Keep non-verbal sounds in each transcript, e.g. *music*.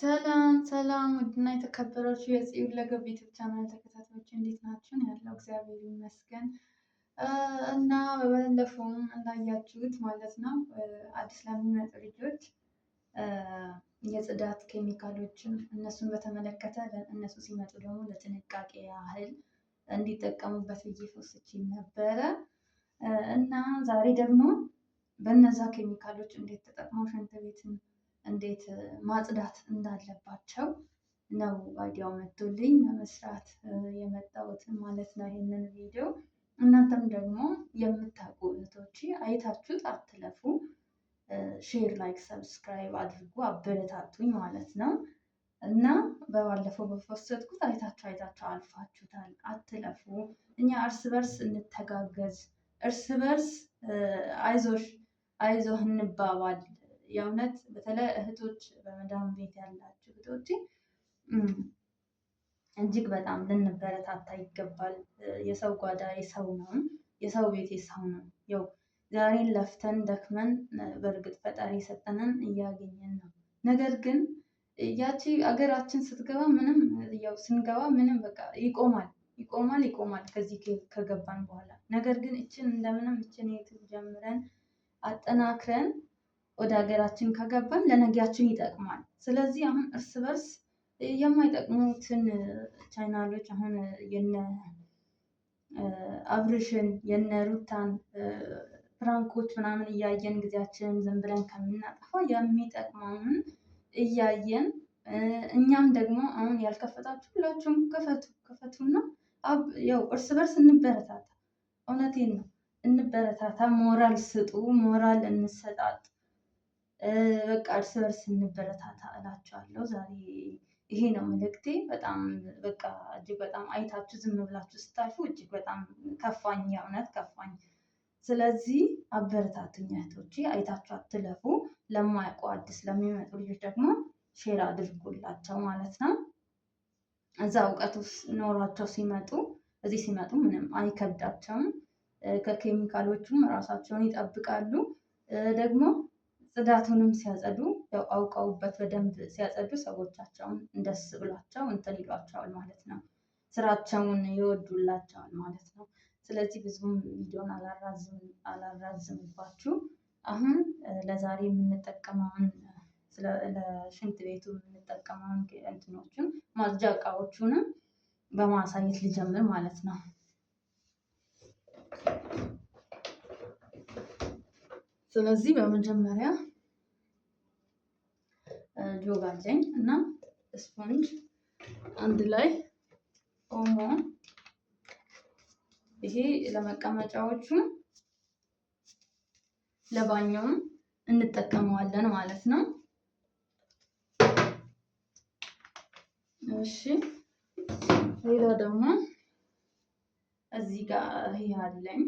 ሰላም ሰላም ውድና የተከበራችሁ የጽዮን ለገብ ቤቶች ቻናል ተከታታዮች እንዴት ናችሁ? ያለው እግዚአብሔር ይመስገን እና በባለፈውም እንዳያችሁት ማለት ነው አዲስ ለሚመጡ ልጆች የጽዳት ኬሚካሎችን እነሱን በተመለከተ እነሱ ሲመጡ ደግሞ ለጥንቃቄ ያህል እንዲጠቀሙበት ብዬ ነበረ እና ዛሬ ደግሞ በነዛ ኬሚካሎች እንዴት ተጠቅመው ሽንት ቤትን እንዴት ማጽዳት እንዳለባቸው ነው አይዲያው መቶልኝ ለመስራት የመጣሁትን ማለት ነው ይህንን ቪዲዮ። እናንተም ደግሞ የምታውቁ እህቶቼ አይታችሁት አትለፉ። ሼር፣ ላይክ፣ ሰብስክራይብ አድርጉ አበረታቱኝ ማለት ነው እና በባለፈው በፈሰትኩት አይታችሁ አይታችሁ አልፋችሁታል። አትለፉ። እኛ እርስ በርስ እንተጋገዝ፣ እርስ በርስ አይዞሽ አይዞህ እንባባል የእውነት በተለይ እህቶች በመዳም ቤት ያላችሁ እህቶች እጅግ በጣም ልንበረታታ ይገባል። የሰው ጓዳ የሰው ነው፣ የሰው ቤት የሰው ነው። ያው ዛሬን ለፍተን ደክመን በእርግጥ ፈጣሪ የሰጠንን እያገኘን ነው። ነገር ግን ያቺ አገራችን ስትገባ ምንም ያው ስንገባ ምንም በቃ ይቆማል ይቆማል ይቆማል ከዚህ ከገባን በኋላ ነገር ግን እችን እንደምንም እችን የት ጀምረን አጠናክረን ወደ ሀገራችን ከገባን ለነጊያችን ይጠቅማል። ስለዚህ አሁን እርስ በርስ የማይጠቅሙትን ቻናሎች አሁን የነ አብርሽን የነ ሩታን ፍራንኮች ምናምን እያየን ጊዜያችንን ዝም ብለን ከምናጠፋ የሚጠቅመውን እያየን እኛም ደግሞ አሁን ያልከፈታችሁ ሁላችሁም ክፈቱ ክፈቱና ያው እርስ በርስ እንበረታታ። እውነቴን ነው፣ እንበረታታ። ሞራል ስጡ፣ ሞራል እንሰጣጥ። በቃ እርስ በርስ እንበረታታ እላችኋለሁ። ዛሬ ይሄ ነው መልእክቴ። በጣም በቃ እጅግ በጣም አይታችሁ ዝም ብላችሁ ስታልፉ እጅግ በጣም ከፋኝ፣ የእውነት ከፋኝ። ስለዚህ አበረታቱኝ እህቶቼ፣ አይታችሁ አትለፉ። ለማያውቁ አዲስ ለሚመጡ ልጆች ደግሞ ሼር አድርጉላቸው ማለት ነው። እዛ እውቀቱ ኖሯቸው ሲመጡ እዚህ ሲመጡ ምንም አይከብዳቸውም። ከኬሚካሎቹም ራሳቸውን ይጠብቃሉ ደግሞ ጽዳቱንም ሲያጸዱ አውቀውበት በደንብ ሲያጸዱ ሰዎቻቸውን እንደስ ብሏቸው እንትን ይሏቸዋል ማለት ነው። ስራቸውን ይወዱላቸዋል ማለት ነው። ስለዚህ ብዙም ቪዲዮን አላራዝምባችሁ። አሁን ለዛሬ የምንጠቀመውን ለሽንት ቤቱ የምንጠቀመውን እንትኖችን ማጽጃ እቃዎቹንም በማሳየት ልጀምር ማለት ነው። ስለዚህ በመጀመሪያ ጆግ አለኝ እና ስፖንጅ አንድ ላይ ኦሞ ይሄ ለመቀመጫዎቹ ለባኛውም እንጠቀመዋለን ማለት ነው። እሺ ሌላ ደግሞ እዚህ ጋር ይሄ አለኝ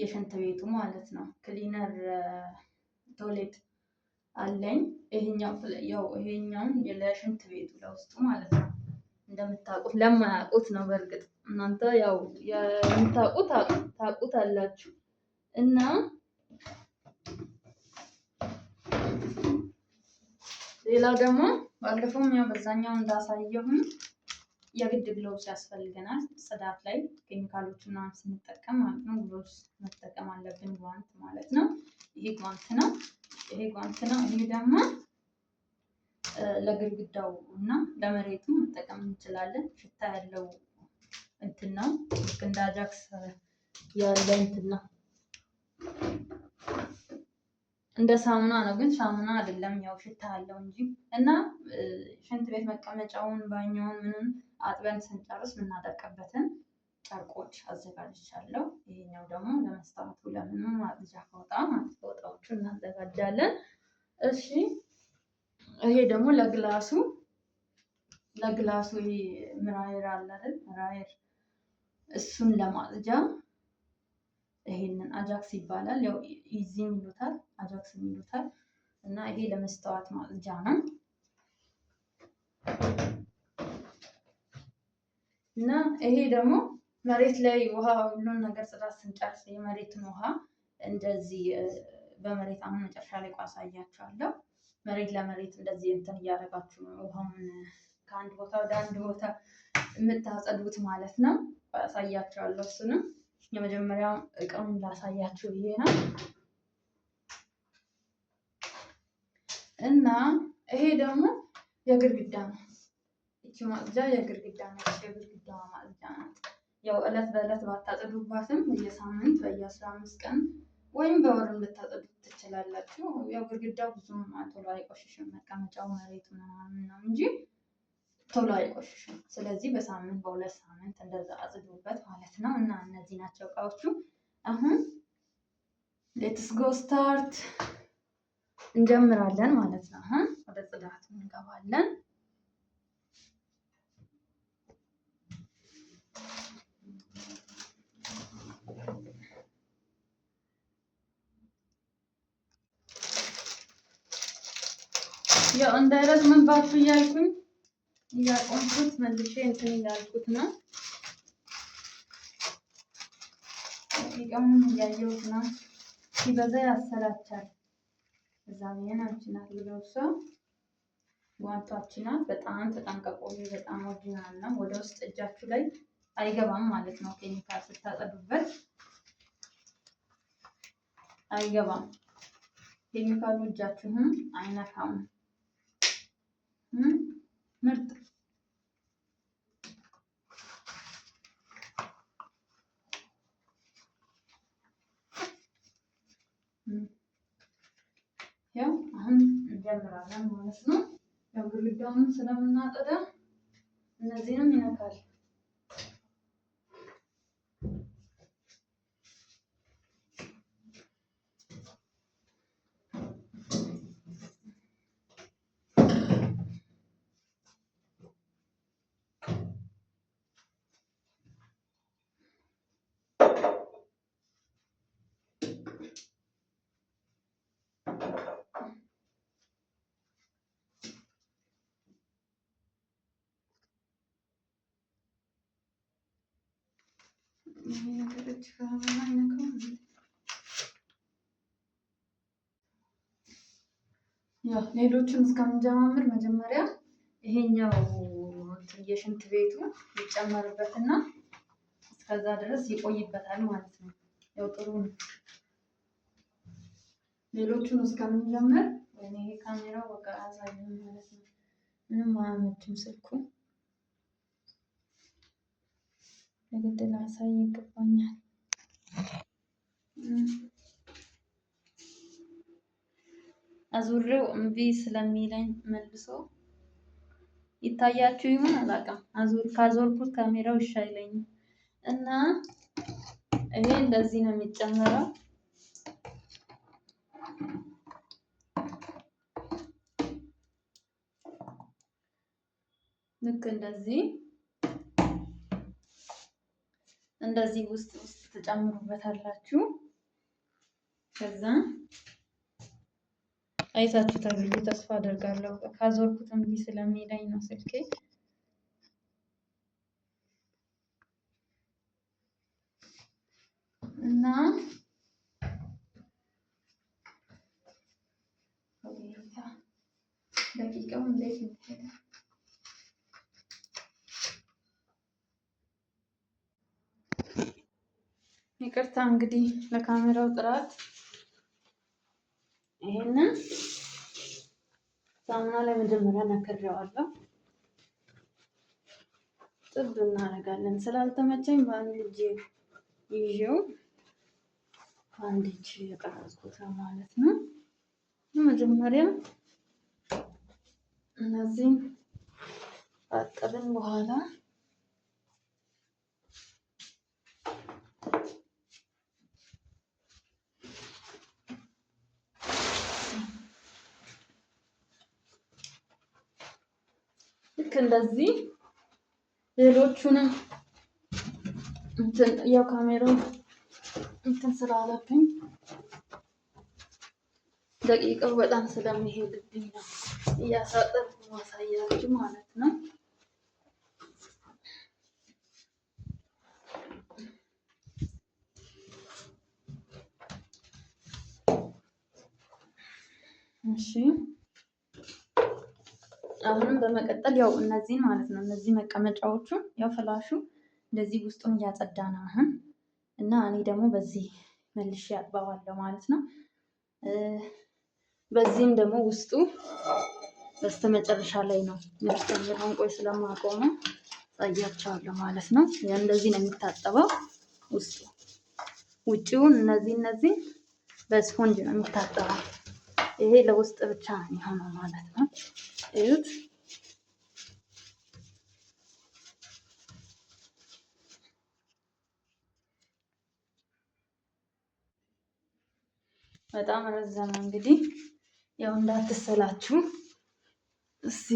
የሽንት ቤቱ ማለት ነው። ክሊነር ቶሌት አለኝ። ይሄኛው ያው ይሄኛውን ለሽንት ቤቱ ለውስጡ ማለት ነው። እንደምታውቁት ለማያውቁት ነው። በእርግጥ እናንተ ያው የምታውቁት ታውቁት አላችሁ እና ሌላው ደግሞ ባለፈውም ያው በዛኛው እንዳሳየሁም የግድ ግሎብስ ያስፈልገናል ጽዳት ላይ ኬሚካሎች ምናምን ስንጠቀም ማለት ነው ግሎብስ አለብን። ጓንት ማለት ነው። ይሄ ጓንት ነው። ይሄ ጓንት ነው። ይሄ ደግሞ ለግድግዳው እና ለመሬቱ መጠቀም እንችላለን። ሽታ ያለው እንትን ነው። ልክ እንደ አጃክስ ያለ እንትን ነው። እንደ ሳሙና ነው፣ ግን ሳሙና አይደለም። ያው ሽታ ያለው እንጂ እና ሽንት ቤት መቀመጫውን ባኛውን ምንም አጥበን ስንጨርስ ምናደርቅበትን ጨርቆች አዘጋጅቻለሁ። ይሄኛው ደግሞ ለመስታወቱ ለምን ማጽጃ ፎጣ ማለት ፎጣዎቹን እናዘጋጃለን። እሺ ይሄ ደግሞ ለግላሱ ለግላሱ ምራየር አለ አይደል? ምራየር እሱን ለማጥጃ ይሄንን አጃክስ ይባላል። ያው ኢዚም ይሉታል፣ አጃክስ ይሉታል። እና ይሄ ለመስተዋት ማጥጃ ነው። እና ይሄ ደግሞ መሬት ላይ ውሃ ሁሉን ነገር ጽዳት ስንጨርስ የመሬትን ውሃ እንደዚህ በመሬት አሁን መጨረሻ ላይ ቋሳያችኋለሁ። መሬት ለመሬት እንደዚህ እንትን እያደረጋችሁ ውሃውን ከአንድ ቦታ ወደ አንድ ቦታ የምታጸዱት ማለት ነው። አሳያችኋለሁ። እሱንም የመጀመሪያው እቃውን ላሳያችሁ ብዬ ነው እና ይሄ ደግሞ የግርግዳ ነው። ይቺ ማጽጃ ነው። ነች። የግድግዳ ማጽጃ ናት። ያው እለት በእለት ባታጸዱባትም በየሳምንት በየአስራ አምስት ቀን ወይም በወር ልታጸዱት ትችላላችሁ። ያው ግድግዳው ብዙም ቶሎ አይቆሽሽም፣ መቀመጫው መሬቱ ምናምን ነው እንጂ ቶሎ አይቆሽሽም። ስለዚህ በሳምንት በሁለት ሳምንት እንደዛ አጽዱበት ማለት ነው። እና እነዚህ ናቸው እቃዎቹ። አሁን ሌትስ ጎ ስታርት እንጀምራለን ማለት ነው። አሁን ወደ ጽዳቱ እንገባለን። ያው እንዳይረዝምባችሁ እያልኩኝ እያቆምኩት መልሼ እንትን እያልኩት ነው። ደቂቃውን እያየሁት ነው። ሲበዛ ያሰላቻል። እዛ ብየናችናል ብለው ሰው ጓንቷችናል። በጣም ተጠንቀቁ። በጣም ኦሪጂናል ነው። ወደ ውስጥ እጃችሁ ላይ አይገባም ማለት ነው። ኬሚካል ስታጠዱበት አይገባም ኬሚካሉ እጃችሁም አይነካም። ምርጥ ያው አሁን እንጀምራለን ማለት ነው። ያው ግድግዳውንም ስለምናጠዳ እነዚህንም ይነካል። ሌሎቹን እስከምንጀማምር መጀመሪያ ይሄኛው የሽንት ቤቱ ይጨመርበትና እስከዛ ድረስ ይቆይበታል ማለት ነው። ያው ጥሩ ነው። ሌሎቹን እስከምንጀምር ወይ ካሜራው በቃ አዛኝ ማለት ነው። ምንም አያመችም ስልኩ በግድ ላሳይ ይገባኛል። አዙሬው እምቢ ስለሚለኝ መልሶ ይታያችሁ ይሆን አላውቅም። አዙር ካዞርኩት ካሜራው ይሻለኝ እና ይሄ እንደዚህ ነው የሚጨመረው። ልክ እንደዚህ እንደዚህ ውስጥ ውስጥ ትጨምሩበታላችሁ። ከዛ አይታችሁ ብዬ ተስፋ አደርጋለሁ። ካዞርኩትም ቢ ስለሚለኝ ነው ስልኬ። እና ደቂቃው እንዴት ይሄዳል? ይቅርታ እንግዲህ ለካሜራው ጥራት ይሄንን ሳሙና ለመጀመሪያ ነክሬዋለሁ። ጥብ እናደርጋለን። ስላልተመቸኝ በአንድ እጅ ይዤው በአንድ እጅ የቀረጽኩት ማለት ነው። መጀመሪያ እነዚህም ካጠብን በኋላ ልክ እንደዚህ ሌሎቹንም እንትን ያው ካሜራው እንትን ስላለብኝ ደቂቃው በጣም ስለሚሄድብኝ ነው እያሳጠብ ማሳያችሁ ማለት ነው። እሺ አሁንም በመቀጠል ያው እነዚህን ማለት ነው እነዚህ መቀመጫዎቹን ያው ፍላሹ እንደዚህ ውስጡን እያጸዳ ነው አሁን እና እኔ ደግሞ በዚህ መልሼ አጥባዋለሁ ማለት ነው። በዚህም ደግሞ ውስጡ በስተ መጨረሻ ላይ ነው የሚጨምረውን ቆይ ስለማቆመ ጸያቸዋለሁ ማለት ነው። እንደዚህ ነው የሚታጠበው ውስጡ ውጭውን እነዚህ እነዚህ በስፖንጅ ነው የሚታጠበው። ይሄ ለውስጥ ብቻ ነው የሆነው ማለት ነው። እዩት። በጣም ረዘመ። እንግዲህ ያው እንዳትሰላችሁ። እስኪ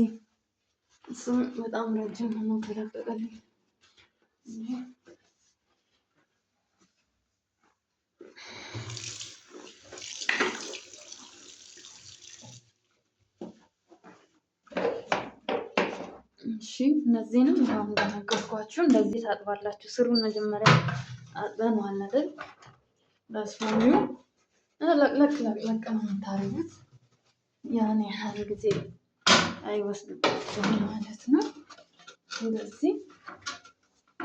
እሱም በጣም ረጅም ሆኖ ተለቀቀልኝ። እሺ እነዚህንም ያው እንደነገርኳችሁ እንደዚህ ታጥባላችሁ። ስሩን መጀመሪያ አጥበነዋል አይደል? በስማሚው ለቅለቅ ለቅለቅ ነው የምታደርጉት። ያን ያህል ጊዜ አይወስድባችሁም ማለት ነው። ስለዚህ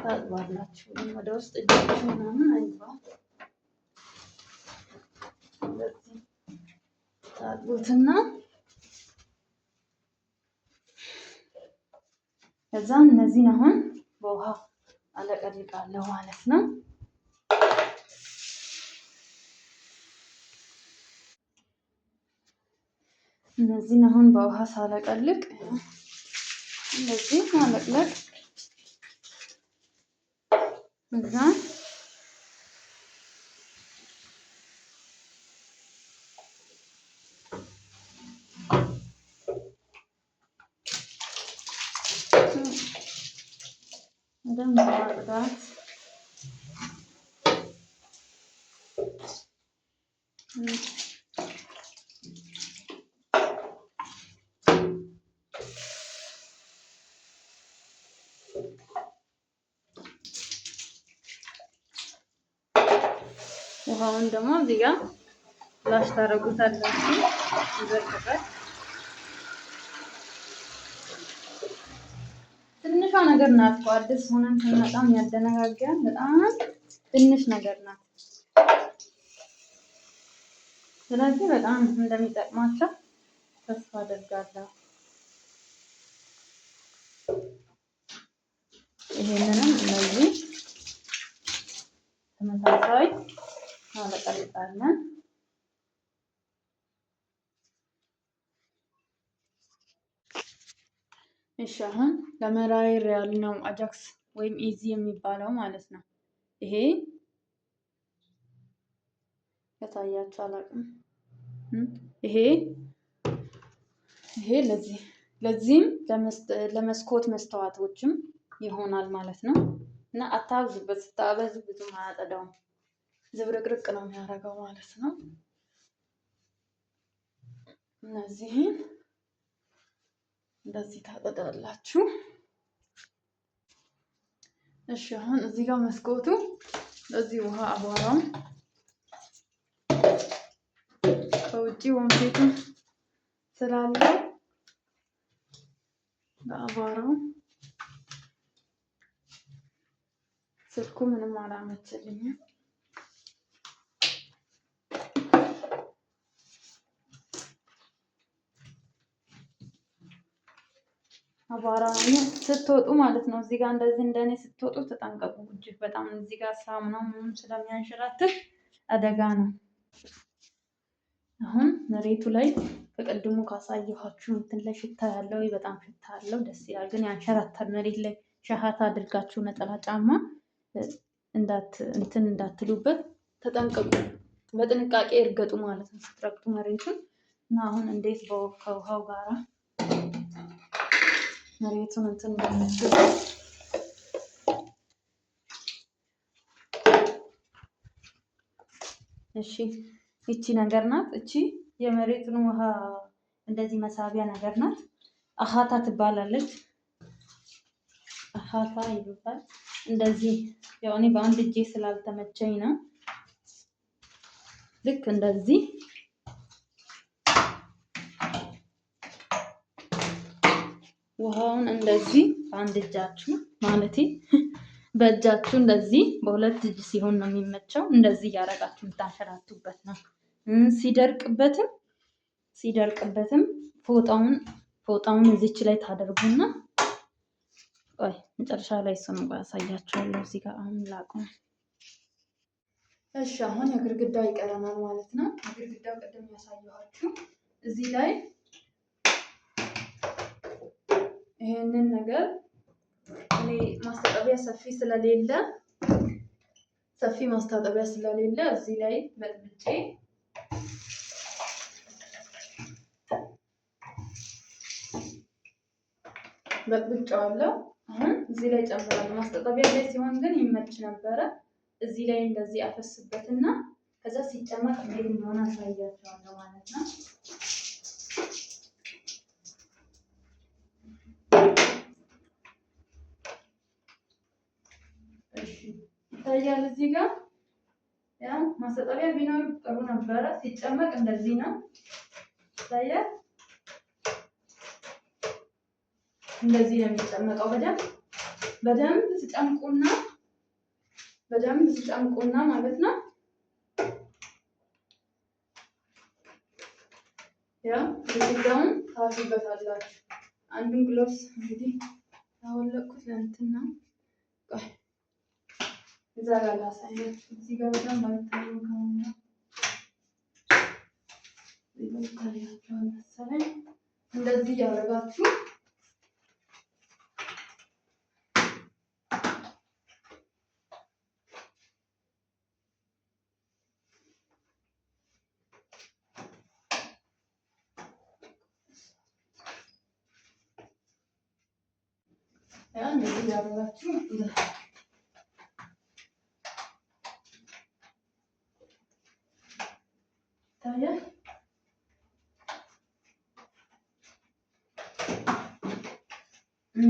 ታጥባላችሁ። ወደ ውስጥ እጃችሁ ምናምን አይባ ታጥቡትና ከዛ እነዚህን አሁን በውሃ አለቀልቃለሁ ማለት ነው። እነዚህን አሁን በውሃ ሳለቀልቅ እንደዚህ ማለቅለቅ እዛ ማድረጋት ውሃውን ደግሞ እዚህ ጋር ላሽ ታደርጉታላችሁ ይዘልቅበት ትንሿ ነገር ናት። አዲስ ሆነን በጣም ያደነጋገረን በጣም ትንሽ ነገር ናት። ስለዚህ በጣም እንደሚጠቅማቸው ተስፋ አደርጋለሁ። ይሄንንም እነዚህ ተመሳሳይ አለቀልጣለን። እሺ አሁን ለመራዊ ሪያል ነው አጃክስ ወይም ኢዚ የሚባለው ማለት ነው። ይሄ ከታያችሁ አላውቅም። ይሄ ይሄ ለዚህ ለዚህም ለመስኮት መስተዋቶችም ይሆናል ማለት ነው። እና አታብዙበት፣ ስታበዝ ብዙም አያጠዳውም፣ ዝብርቅርቅ ነው የሚያደርገው ማለት ነው። እነዚህን እንደዚህ ታጠጣላችሁ። እሺ አሁን እዚህ ጋር መስኮቱ በዚህ ውሃ አቧራም ከውጭ ወንፊቱ ስላለ በአቧራው ስልኩ ምንም አላመችልኝም። አቧራ ስትወጡ ማለት ነው። እዚህ ጋር እንደዚህ እንደኔ ስትወጡ ተጠንቀቁ። እጅግ በጣም እዚህ ጋር ሳሙና ምንም ስለሚያንሸራትት አደጋ ነው። አሁን መሬቱ ላይ በቅድሙ ካሳየኋችሁ እንትን ላይ ሽታ ያለው በጣም ሽታ ያለው ደስ ይላል፣ ግን ያንሸራታል። መሬት ላይ ሻሃት አድርጋችሁ ነጠላ ጫማ እንትን እንዳትሉበት ተጠንቀቁ። በጥንቃቄ እርገጡ ማለት ነው ስትረግጡ መሬቱን እና አሁን እንዴት ከውሃው ጋራ መሬቱን እንትን በምትል እሺ እቺ ነገር ናት። እቺ የመሬቱን ውሃ እንደዚህ መሳቢያ ነገር ናት። አሃታ ትባላለች። አሃታ ይሉታል። እንደዚህ ያው እኔ በአንድ እጄ ስላልተመቸኝ ነው። ልክ እንደዚህ ውሃውን እንደዚህ በአንድ እጃችሁ ማለቴ *laughs* በእጃችሁ እንደዚህ በሁለት እጅ ሲሆን ነው የሚመቸው። እንደዚህ እያደረጋችሁ ልታንሸራቱበት ነው። ሲደርቅበትም ሲደርቅበትም ፎጣውን ፎጣውን እዚች ላይ ታደርጉና ቆይ መጨረሻ ላይ እሱን እንኳ ያሳያችኋለሁ። እዚህ ጋር አሁን ላቁም። እሺ አሁን የግድግዳው ይቀረናል ማለት ነው። የግድግዳው ቅድም ያሳየኋችሁ እዚህ ላይ ይህንን ነገር እኔ ማስታጠቢያ ሰፊ ስለሌለ ሰፊ ማስታጠቢያ ስለሌለ እዚህ ላይ በጥብጬ በጥብጬዋለሁ። አሁን እዚህ ላይ ጨምራለሁ። ማስታጠቢያ ላይ ሲሆን ግን ይመች ነበረ። እዚህ ላይ እንደዚህ አፈስበትና ከዛ ሲጨመር እንዴት እንደሆነ አሳያቸዋለሁ ማለት ነው። ይታያል እዚህ ጋር ያ ማሰጠሪያ ቢኖር ጥሩ ነበረ። ሲጨመቅ እንደዚህ ነው ይታያል። እንደዚህ ነው የሚጨመቀው። በደንብ በደንብ ሲጨምቁና በደንብ ሲጨምቁና ማለት ነው ያ እዚጋውን ታውቁበታላችሁ። አንዱን ግሎቭስ እንግዲህ ያወለቅኩት ለእንትን ነው። እዛ ጋር አይነት እዚህ ጋር በጣም ባይታየው ከሆነ ይታያቸዋል መሰለኝ። እንደዚህ እያደረጋችሁ እንደዚህ እያደረጋችሁ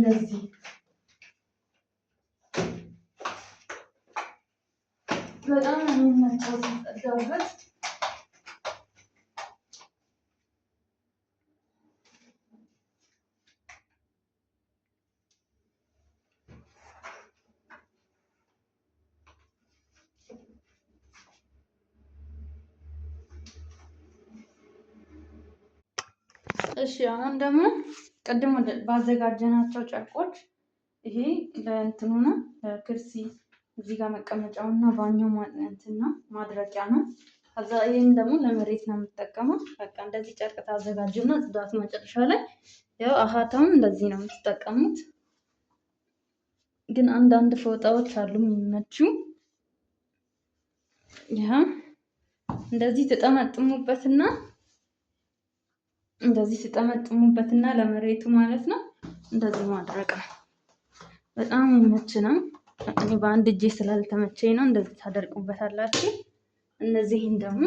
እንደዚህ በጣም የሚመቸው ሲጸዳበት እሺ አሁን ደግሞ ቅድም ባዘጋጀናቸው ጨርቆች ይሄ ለእንትኑ ነው ለክርሲ እዚህ ጋር መቀመጫው እና ባኛው እንትና ማድረቂያ ነው። ከዛ ይህን ደግሞ ለመሬት ነው የምጠቀመው በቃ እንደዚህ ጨርቅ እና ጽዳት መጨረሻ ላይ ያው አሃታውን እንደዚህ ነው የምትጠቀሙት። ግን አንዳንድ ፎጣዎች አሉ የሚመቹ ይህም እንደዚህ ተጠመጥሙበትና እንደዚህ ሲጠመጥሙበትና ለመሬቱ ማለት ነው። እንደዚህ ማድረቅ ነው። በጣም ይመች ነው። እኔ በአንድ እጄ ስላልተመቸኝ ነው። እንደዚህ ታደርቁበታላችሁ። እነዚህን ደግሞ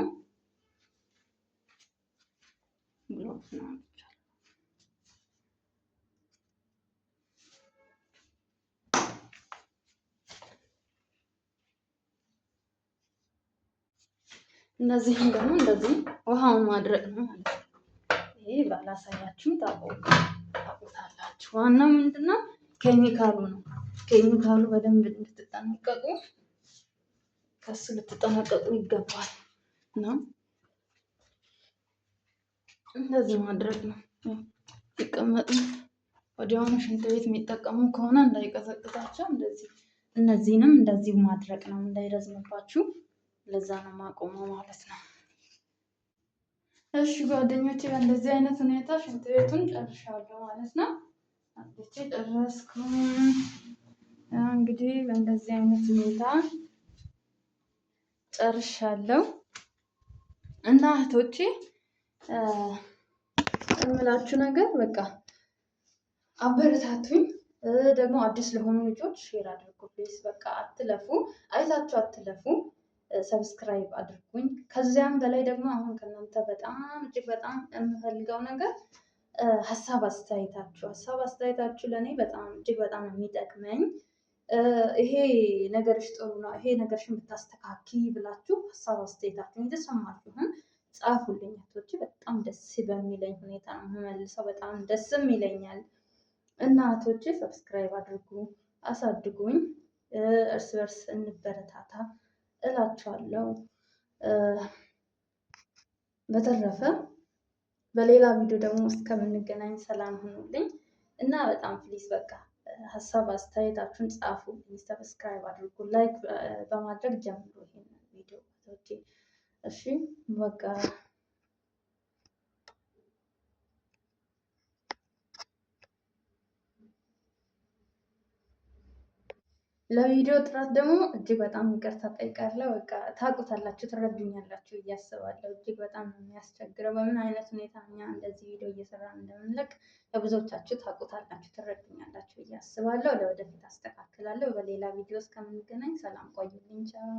እነዚህም ደግሞ እንደዚህ ውሃውን ማድረቅ ነው ማለት ነው። ይሄ ባላሳያችሁ ታውቁታላችሁ። ዋናው ምንድነው ኬሚካሉ ነው። ኬሚካሉ በደንብ እንድትጠነቀቁ ከሱ ልትጠነቀቁ ይገባል። እና እንደዚህ ማድረግ ነው። ሲቀመጡ ወዲያውኑ ሽንት ቤት የሚጠቀሙ ከሆነ እንዳይቀዘቅዛቸው እንደዚህ እነዚህንም እንደዚህ ማድረግ ነው፣ እንዳይረዝምባችሁ ለዛ ነው ማቆመው ማለት ነው። እሺ ጓደኞቼ በእንደዚህ አይነት ሁኔታ ሽንት ቤቱን ጨርሻለሁ ማለት ነው። አጥቼ ጨረስኩኝ። እንግዲህ በእንደዚህ አይነት ሁኔታ ጨርሻለሁ። እና እህቶቼ እምላችሁ ነገር በቃ አበረታቱኝ። ደግሞ አዲስ ለሆኑ ልጆች ሼር አድርጉ ፕሊስ። በቃ አትለፉ፣ አይታችሁ አትለፉ። ሰብስክራይብ አድርጉኝ። ከዚያም በላይ ደግሞ አሁን ከእናንተ በጣም እጅግ በጣም የምፈልገው ነገር ሀሳብ አስተያየታችሁ ሀሳብ አስተያየታችሁ ለእኔ በጣም እጅግ በጣም የሚጠቅመኝ። ይሄ ነገርሽ ጥሩ ነው፣ ይሄ ነገርሽን ብታስተካኪ ብላችሁ ሀሳብ አስተያየታችሁ የተሰማችሁን ጻፉልኝ። እህቶቼ በጣም ደስ በሚለኝ ሁኔታ ነው የምመልሰው። በጣም ደስም ይለኛል። እህቶቼ ሰብስክራይብ አድርጉ፣ አሳድጉኝ። እርስ በርስ እንበረታታ። እላችኋለሁ። በተረፈ በሌላ ቪዲዮ ደግሞ እስከምንገናኝ ሰላም ሁኑልኝ እና በጣም ፕሊዝ በቃ ሀሳብ አስተያየታችሁን ጻፉ። ሰብስክራይብ አድርጉ፣ ላይክ በማድረግ ጀምሩ ይሄን ቪዲዮ። እሺ በቃ ለቪዲዮ ጥራት ደግሞ እጅግ በጣም ይቅርታ ጠይቃለሁ። በቃ ታውቁታላችሁ፣ ትረዱኛላችሁ እያስባለሁ። እጅግ በጣም የሚያስቸግረው በምን አይነት ሁኔታ እኛ እንደዚህ ቪዲዮ እየሰራን እንደምንለቅ ለብዙዎቻችሁ ታውቁታላችሁ፣ ትረዱኛላችሁ እያስባለሁ። ለወደፊት አስተካክላለሁ። በሌላ ቪዲዮ እስከምንገናኝ ሰላም ቆዩልኝ። ቻው